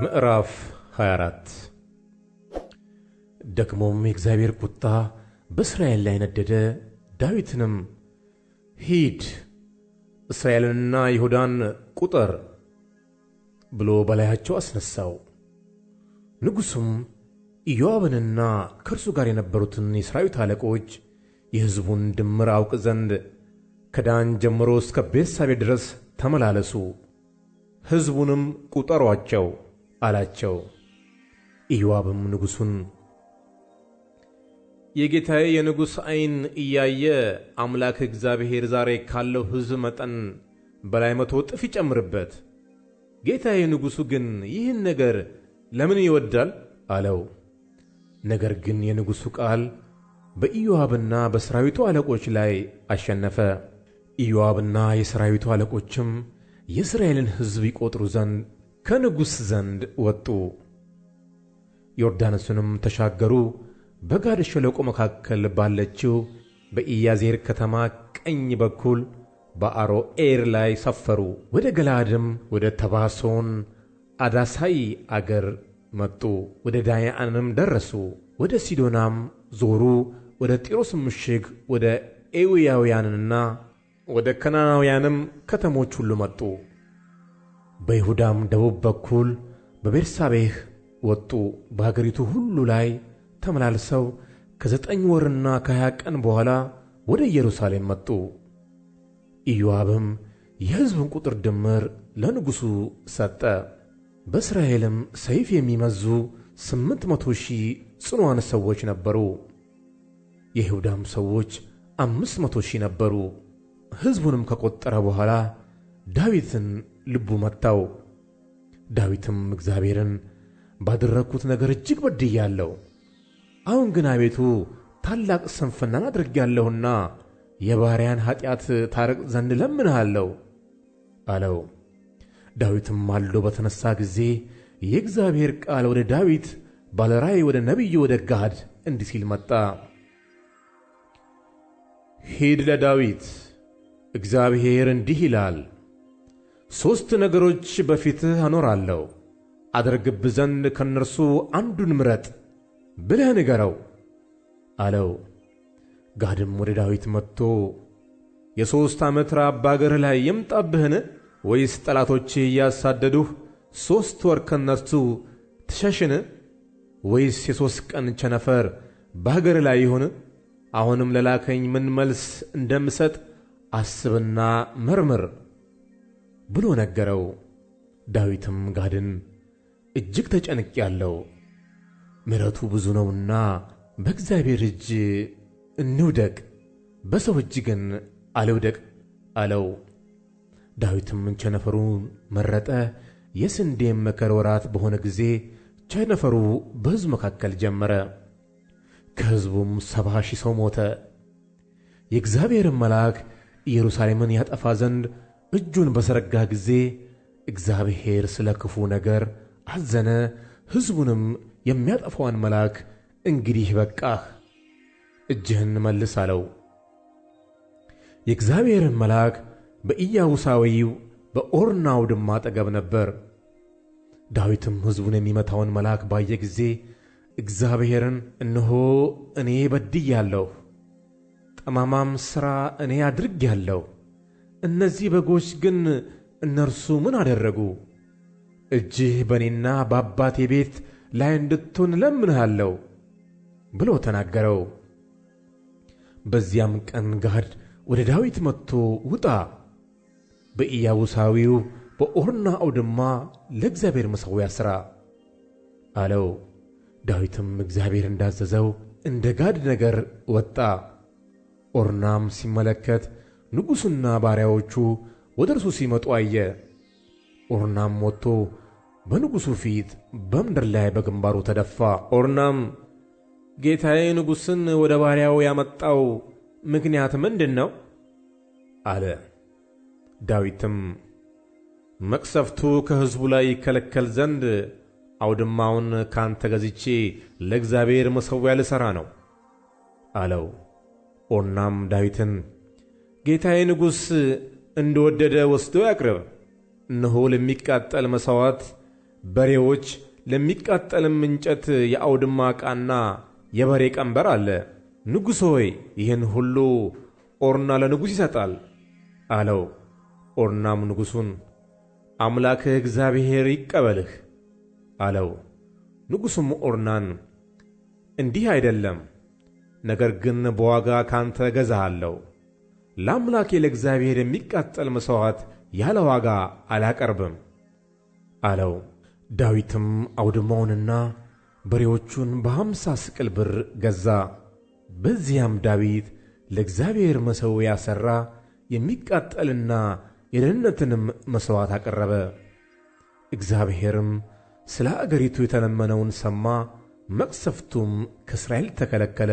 ምዕራፍ 24 ደግሞም የእግዚአብሔር ቁጣ በእስራኤል ላይ ነደደ። ዳዊትንም ሂድ እስራኤልንና ይሁዳን ቁጠር ብሎ በላያቸው አስነሳው። ንጉሡም ኢዮአብንና ከእርሱ ጋር የነበሩትን የሠራዊት አለቆች የሕዝቡን ድምር አውቅ ዘንድ ከዳን ጀምሮ እስከ ቤርሳቤህ ድረስ ተመላለሱ፣ ሕዝቡንም ቁጠሯቸው አላቸው። ኢዮአብም ንጉሡን የጌታዬ የንጉሥ ዐይን እያየ አምላክ እግዚአብሔር ዛሬ ካለው ሕዝብ መጠን በላይ መቶ እጥፍ ይጨምርበት፣ ጌታዬ ንጉሡ ግን ይህን ነገር ለምን ይወዳል? አለው። ነገር ግን የንጉሡ ቃል በኢዮአብና በሰራዊቱ አለቆች ላይ አሸነፈ። ኢዮአብና የሰራዊቱ አለቆችም የእስራኤልን ሕዝብ ይቈጥሩ ዘንድ ከንጉሥ ዘንድ ወጡ። ዮርዳኖስንም ተሻገሩ። በጋድ ሸለቆ መካከል ባለችው በኢያዜር ከተማ ቀኝ በኩል በአሮኤር ላይ ሰፈሩ። ወደ ገላድም ወደ ተባሶን አዳሳይ አገር መጡ። ወደ ዳያንም ደረሱ። ወደ ሲዶናም ዞሩ። ወደ ጢሮስ ምሽግ፣ ወደ ኤዊያውያንና ወደ ከናናውያንም ከተሞች ሁሉ መጡ። በይሁዳም ደቡብ በኩል በቤርሳቤህ ወጡ። በአገሪቱ ሁሉ ላይ ተመላልሰው ከዘጠኝ ወርና ከሀያ ቀን በኋላ ወደ ኢየሩሳሌም መጡ። ኢዮአብም የሕዝቡን ቁጥር ድምር ለንጉሡ ሰጠ። በእስራኤልም ሰይፍ የሚመዙ ስምንት መቶ ሺህ ጽኑዋን ሰዎች ነበሩ። የይሁዳም ሰዎች አምስት መቶ ሺህ ነበሩ። ሕዝቡንም ከቆጠረ በኋላ ዳዊትን ልቡ መታው። ዳዊትም እግዚአብሔርን ባደረግሁት ነገር እጅግ በድያለሁ። አሁን ግን አቤቱ ታላቅ ስንፍናን አድርጌያለሁና የባሪያን ኃጢአት ታርቅ ዘንድ እለምንሃለሁ አለው። ዳዊትም ማልዶ በተነሳ ጊዜ የእግዚአብሔር ቃል ወደ ዳዊት ባለ ራእይ ወደ ነቢዩ ወደ ጋድ እንዲህ ሲል መጣ። ሂድ ለዳዊት፣ እግዚአብሔር እንዲህ ይላል ሦስት ነገሮች በፊትህ አኖራለሁ፤ አደርግብ ዘንድ ከእነርሱ አንዱን ምረጥ ብለህ ንገረው አለው። ጋድም ወደ ዳዊት መጥቶ የሦስት ዓመት ራብ በአገርህ ላይ የምጣብህን? ወይስ ጠላቶችህ እያሳደዱህ ሦስት ወር ከእነርሱ ትሸሽን? ወይስ የሦስት ቀን ቸነፈር በአገርህ ላይ ይሁን? አሁንም ለላከኝ ምን መልስ እንደምሰጥ አስብና መርምር። ብሎ ነገረው። ዳዊትም ጋድን እጅግ ተጨንቄአለሁ፣ ምሕረቱ ብዙ ነውና በእግዚአብሔር እጅ እንውደቅ፣ በሰው እጅ ግን አልውደቅ አለው። ዳዊትም ቸነፈሩን መረጠ። የስንዴም መከር ወራት በሆነ ጊዜ ቸነፈሩ በሕዝብ መካከል ጀመረ። ከሕዝቡም ሰባ ሺህ ሰው ሞተ። የእግዚአብሔርም መልአክ ኢየሩሳሌምን ያጠፋ ዘንድ እጁን በዘረጋ ጊዜ እግዚአብሔር ስለ ክፉ ነገር አዘነ። ሕዝቡንም የሚያጠፋውን መልአክ እንግዲህ በቃህ፣ እጅህን መልስ አለው። የእግዚአብሔርን መልአክ በኢያቡሳዊው በኦርና አውድማ አጠገብ ነበር። ዳዊትም ሕዝቡን የሚመታውን መልአክ ባየ ጊዜ እግዚአብሔርን እነሆ እኔ በድያለሁ፣ ጠማማም ሥራ እኔ አድርጌአለሁ እነዚህ በጎች ግን እነርሱ ምን አደረጉ? እጅህ በእኔና በአባቴ ቤት ላይ እንድትሆን ለምንሃለሁ ብሎ ተናገረው። በዚያም ቀን ጋድ ወደ ዳዊት መጥቶ ውጣ፣ በኢያቡሳዊው በኦርና አውድማ ለእግዚአብሔር መሠዊያ ሥራ አለው። ዳዊትም እግዚአብሔር እንዳዘዘው እንደ ጋድ ነገር ወጣ። ኦርናም ሲመለከት ንጉሡና ባሪያዎቹ ወደ እርሱ ሲመጡ አየ። ኦርናም ወጥቶ በንጉሡ ፊት በምድር ላይ በግንባሩ ተደፋ። ኦርናም ጌታዬ ንጉሥን ወደ ባሪያው ያመጣው ምክንያት ምንድን ነው? አለ። ዳዊትም መቅሰፍቱ ከሕዝቡ ላይ ይከለከል ዘንድ አውድማውን ካንተ ገዝቼ ለእግዚአብሔር መሠዊያ ልሠራ ነው አለው። ኦርናም ዳዊትን ጌታዬ ንጉሥ እንደወደደ ወስዶ ያቅርብ። እነሆ ለሚቃጠል መሥዋዕት በሬዎች፣ ለሚቃጠልም እንጨት የአውድማ ዕቃና የበሬ ቀንበር አለ። ንጉሥ ሆይ ይህን ሁሉ ኦርና ለንጉሥ ይሰጣል አለው። ኦርናም ንጉሡን አምላክህ እግዚአብሔር ይቀበልህ አለው። ንጉሡም ኦርናን እንዲህ አይደለም፣ ነገር ግን በዋጋ ካንተ እገዛሃለሁ ለአምላኬ ለእግዚአብሔር የሚቃጠል መሥዋዕት ያለ ዋጋ አላቀርብም አለው። ዳዊትም አውድማውንና በሬዎቹን በአምሳ ስቅል ብር ገዛ። በዚያም ዳዊት ለእግዚአብሔር መሠዊያ ሠራ፣ የሚቃጠልና የደህንነትንም መሥዋዕት አቀረበ። እግዚአብሔርም ስለ አገሪቱ የተለመነውን ሰማ፣ መቅሰፍቱም ከእስራኤል ተከለከለ።